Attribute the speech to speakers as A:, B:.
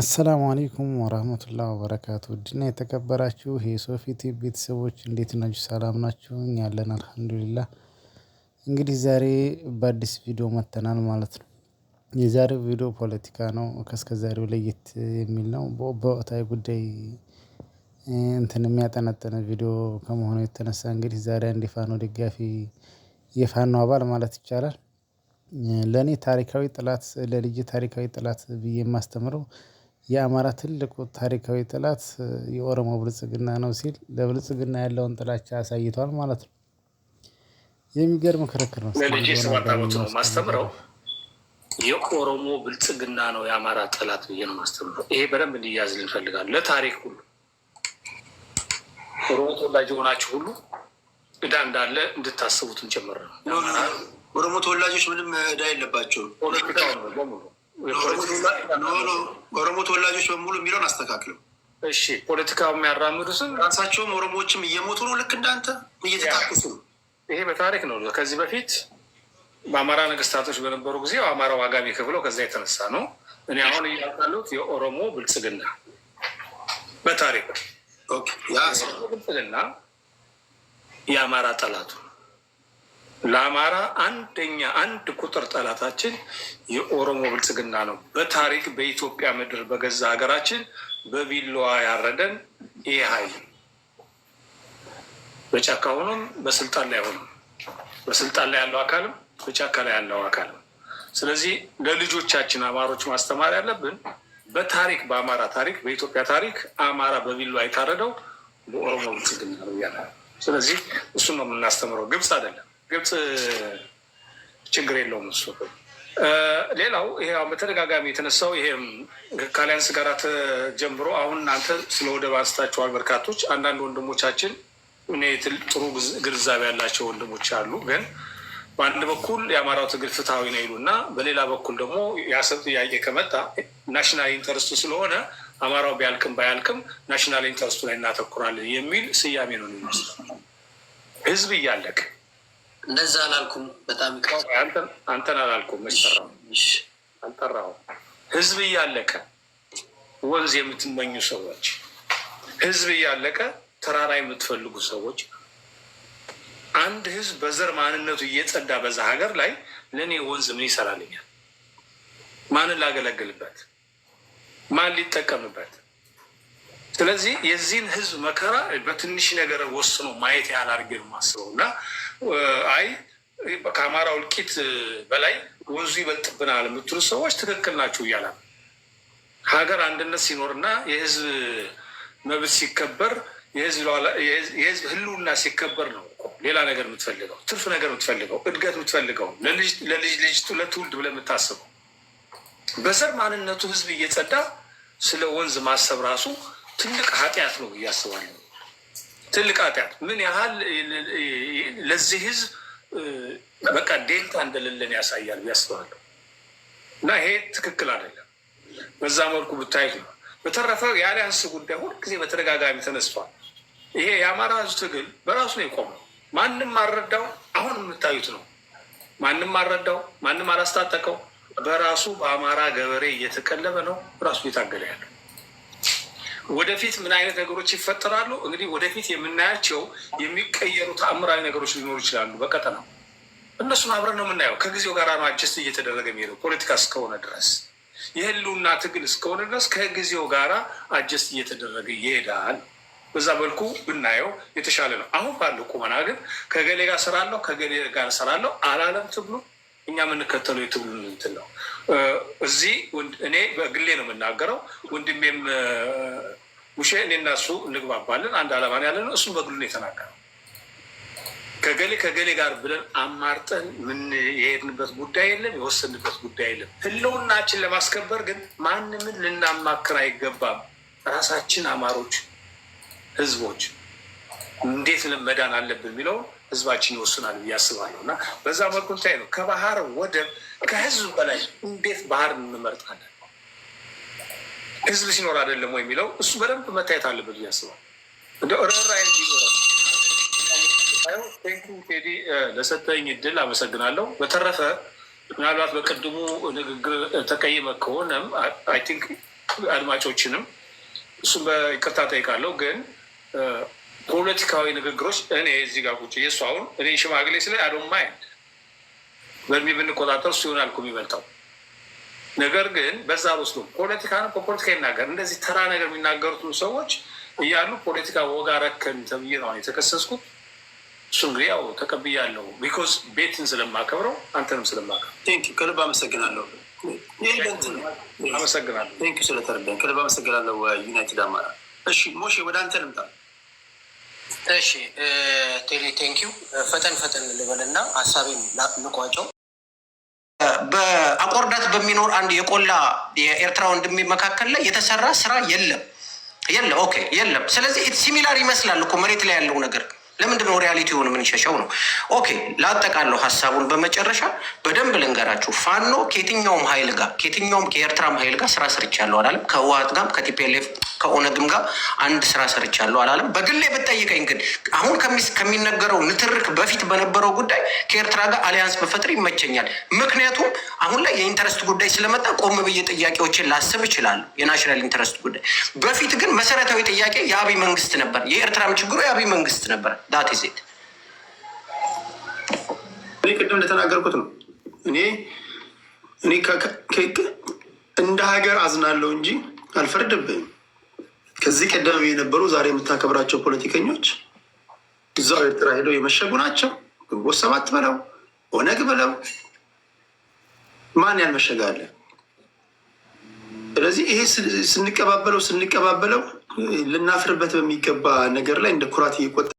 A: አሰላሙ አለይኩም ወራህመቱላሂ ወበረካቱ ውድና የተከበራችሁ የሶፊቲ ቤተሰቦች እንዴት ናችሁ? ሰላም ናችሁ? ያለን አልሐምዱሊላህ። እንግዲህ ዛሬ በአዲስ ቪዲዮ መጥተናል ማለት ነው። የዛሬው ቪዲዮ ፖለቲካ ነው። ከእስከ ዛሬው ለየት የሚል ነው። በወቅታዊ ጉዳይ እንትን የሚያጠነጠነ ቪዲዮ ከመሆኑ የተነሳ እንግዲህ ዛሬ አንድ የፋኖ ደጋፊ የፋኖ አባል ማለት ይቻላል ለእኔ ታሪካዊ ጠላት ለልጅ ታሪካዊ ጥላት ብዬ የማስተምረው የአማራ ትልቁ ታሪካዊ ጠላት የኦሮሞ ብልጽግና ነው ሲል ለብልጽግና ያለውን ጥላቻ አሳይቷል ማለት ነው። የሚገርም ክርክር ነው። ለልጄ ሰባት ዓመት ነው ማስተምረው። የኦሮሞ ብልጽግና ነው የአማራ ጠላት ብዬ ነው ማስተምረው። ይሄ በደንብ እንዲያዝ እንፈልጋለን። ለታሪክ ሁሉ ኦሮሞ ተወላጅ የሆናችሁ ሁሉ እዳ እንዳለ እንድታስቡት እንጀምር ነው።
B: ኦሮሞ ተወላጆች ምንም እዳ የለባቸውም።
A: ኦሮሞ ተወላጆች በሙሉ የሚለውን አስተካክለው።
C: እሺ ፖለቲካው የሚያራምዱትም
A: ራሳቸውም ኦሮሞዎችም እየሞቱ ነው፣ ልክ እንዳንተ እየተካከሱ ነው።
C: ይሄ በታሪክ ነው። ከዚህ በፊት በአማራ ነገስታቶች በነበሩ ጊዜ አማራ ዋጋ የሚከፍለው ከዛ የተነሳ ነው። እኔ አሁን እያቃሉት የኦሮሞ ብልጽግና በታሪክ ብልጽግና የአማራ ጠላቱ ለአማራ አንደኛ አንድ ቁጥር ጠላታችን የኦሮሞ ብልጽግና ነው። በታሪክ በኢትዮጵያ ምድር በገዛ ሀገራችን በቢላዋ ያረደን ይህ ኃይል በጫካ ሆኖም በስልጣን ላይ ሆኖም በስልጣን ላይ ያለው አካልም በጫካ ላይ ያለው አካልም። ስለዚህ ለልጆቻችን አማሮች ማስተማር ያለብን በታሪክ በአማራ ታሪክ በኢትዮጵያ ታሪክ አማራ በቢላዋ የታረደው በኦሮሞ ብልጽግና ነው እያለ ስለዚህ እሱን ነው የምናስተምረው፣ ግብፅ አይደለም። ግብፅ ችግር የለውም እሱ። ሌላው ይሄ በተደጋጋሚ የተነሳው ይሄም ከአሊያንስ ጋር ተጀምሮ አሁን እናንተ ስለ ወደብ አንስታችኋል በርካቶች። አንዳንድ ወንድሞቻችን እኔ ጥሩ ግንዛቤ ያላቸው ወንድሞች አሉ ግን በአንድ በኩል የአማራው ትግል ፍትሐዊ ነው ይሉ እና በሌላ በኩል ደግሞ የአሰብ ጥያቄ ከመጣ ናሽናል ኢንተረስቱ ስለሆነ አማራው ቢያልቅም ባያልቅም ናሽናል ኢንተረስቱ ላይ እናተኩራለን የሚል ስያሜ ነው የሚመስለው ህዝብ እያለቅ
B: እነዛ አላልኩም። በጣም
C: አንተን አላልኩም። አልጠራው ህዝብ እያለቀ ወንዝ የምትመኙ ሰዎች፣ ህዝብ እያለቀ ተራራ የምትፈልጉ ሰዎች፣ አንድ ህዝብ በዘር ማንነቱ እየጸዳ በዛ ሀገር ላይ ለእኔ ወንዝ ምን ይሰራልኛል? ማንን ላገለግልበት? ማን ሊጠቀምበት ስለዚህ የዚህን ህዝብ መከራ በትንሽ ነገር ወስኖ ማየት ያህል አድርጌ ነው የማስበው እና አይ ከአማራ እልቂት በላይ ወንዙ ይበልጥብናል የምትሉ ሰዎች ትክክል ናቸው እያለ ሀገር አንድነት ሲኖርና የህዝብ መብት ሲከበር የህዝብ ህልውና ሲከበር ነው ሌላ ነገር የምትፈልገው ትርፍ ነገር የምትፈልገው እድገት የምትፈልገው ለልጅ ልጅ ለትውልድ ብለህ የምታስበው በዘር ማንነቱ ህዝብ እየጸዳ ስለ ወንዝ ማሰብ ራሱ ትልቅ ኃጢአት ነው እያስባለ ትልቅ ኃጢአት ምን ያህል ለዚህ ህዝብ በቃ ዴልታ እንደሌለን ያሳያል ያስባለ እና ይሄ ትክክል አይደለም። በዛ መልኩ ብታይ ነው። በተረፈ የአሊያንስ ጉዳይ ሁልጊዜ በተደጋጋሚ ተነስቷል። ይሄ የአማራ ህዝብ ትግል በራሱ ነው የቆመው። ማንም አልረዳው። አሁን የምታዩት ነው። ማንም አልረዳው፣ ማንም አላስታጠቀው። በራሱ በአማራ ገበሬ እየተቀለበ ነው ራሱ እየታገለ ያለው። ወደፊት ምን አይነት ነገሮች ይፈጠራሉ? እንግዲህ ወደፊት የምናያቸው የሚቀየሩ ተአምራዊ ነገሮች ሊኖሩ ይችላሉ። በቀጠናው እነሱን አብረን ነው የምናየው። ከጊዜው ጋር ነው አጀስት እየተደረገ የሚሄደው ፖለቲካ እስከሆነ ድረስ የህልውና ትግል እስከሆነ ድረስ ከጊዜው ጋር አጀስት እየተደረገ ይሄዳል። በዛ መልኩ ብናየው የተሻለ ነው። አሁን ባለው ቁመና ግን ከገሌ ጋር ስራለሁ ከገሌ ጋር ስራለሁ አላለም ትብሎ እኛ የምንከተለው የትውልድ እንትን ነው። እዚህ እኔ በግሌ ነው የምናገረው። ወንድሜም ውሼ እኔና እሱ እንግባባለን፣ አንድ አላማን ያለ ነው። እሱም በግሉ ነው የተናገረው። ከገሌ ከገሌ ጋር ብለን አማርጠን ምን የሄድንበት ጉዳይ የለም፣ የወሰንበት ጉዳይ የለም። ህልውናችን ለማስከበር ግን ማንምን ልናማክር አይገባም። ራሳችን አማሮች ህዝቦች እንዴት መዳን አለብን የሚለውን ህዝባችን ይወስናል ብዬ አስባለሁ እና በዛ መልኩ እንታይ ነው ከባህር ወደብ ከህዝብ በላይ እንዴት ባህር እንመርጣለን? ህዝብ ሲኖር አይደለም ወይ የሚለው እሱ በደንብ መታየት አለበት ብዬ አስባለሁ። እንደ ረራ ቴዲ ለሰጠኝ እድል አመሰግናለሁ። በተረፈ ምናልባት በቅድሙ ንግግር ተቀይመ ከሆነም አይ ቲንክ አድማጮችንም እሱም በይቅርታ ጠይቃለሁ ግን ፖለቲካዊ ንግግሮች እኔ እዚህ ጋር ቁጭ የእሱ አሁን እኔ ሽማግሌ ስለ ማይንድ በእድሜ ብንቆጣጠር እሱ ይሆናል እኮ የሚበልጠው። ነገር ግን በዛ ውስጥ ፖለቲካ ነው በፖለቲካ ይናገር። እንደዚህ ተራ ነገር የሚናገሩት ሰዎች እያሉ ፖለቲካ ወጋ ረከን ተብዬ ነው የተከሰስኩት። እሱ እንግዲህ ያው ተቀብያለሁ፣ ቢኮዝ ቤትን ስለማከብረው አንተንም ስለማከብረው
B: ከልብ አመሰግናለሁ። አመሰግናለሁ ስለተረዳኝ ከልብ አመሰግናለሁ። ዩናይትድ አማራ። እሺ ሞሼ ወደ አንተ ልምጣ። እሺ ቴሌ ቴንኪው ፈጠን ፈጠን ልበልና ሀሳቤን ልቋጨው። በአቆርዳት በሚኖር አንድ የቆላ የኤርትራ ወንድሜ መካከል ላይ የተሰራ ስራ የለም የለም ኦኬ የለም። ስለዚህ ሲሚላር ይመስላል እኮ መሬት ላይ ያለው ነገር ለምንድን ነው ለምንድነው ሪያሊቲውን የምንሸሸው ነው? ኦኬ ላጠቃለሁ ሀሳቡን በመጨረሻ በደንብ ልንገራችሁ። ፋኖ ከየትኛውም ሀይል ጋር ከየትኛውም ከኤርትራም ሀይል ጋር ስራ ስርቻለሁ አላለም? ከህወሓት ጋርም ከቲፒኤልኤፍ ከኦነግም ጋር አንድ ስራ ሰርቻለሁ አላለም። በግሌ ብጠይቀኝ ግን አሁን ከሚነገረው ንትርክ በፊት በነበረው ጉዳይ ከኤርትራ ጋር አሊያንስ በፈጥር ይመቸኛል። ምክንያቱም አሁን ላይ የኢንተረስት ጉዳይ ስለመጣ ቆም ብዬ ጥያቄዎችን ላስብ እችላለሁ። የናሽናል ኢንተረስት ጉዳይ በፊት ግን መሰረታዊ ጥያቄ የአብይ መንግስት ነበር። የኤርትራም ችግሩ የአብይ መንግስት ነበር። ዳት ዜት እኔ ቅድም እንደተናገርኩት ነው እኔ እኔ እንደ ሀገር አዝናለሁ እንጂ አልፈርድብህም። ከዚህ ቀደም የነበሩ ዛሬ የምታከብራቸው ፖለቲከኞች እዛው ኤርትራ ሄደው የመሸጉ ናቸው። ግንቦት ሰባት በለው ኦነግ በለው ማን ያልመሸጋለ። ስለዚህ ይሄ ስንቀባበለው ስንቀባበለው ልናፍርበት በሚገባ ነገር ላይ እንደ ኩራት እየቆጠ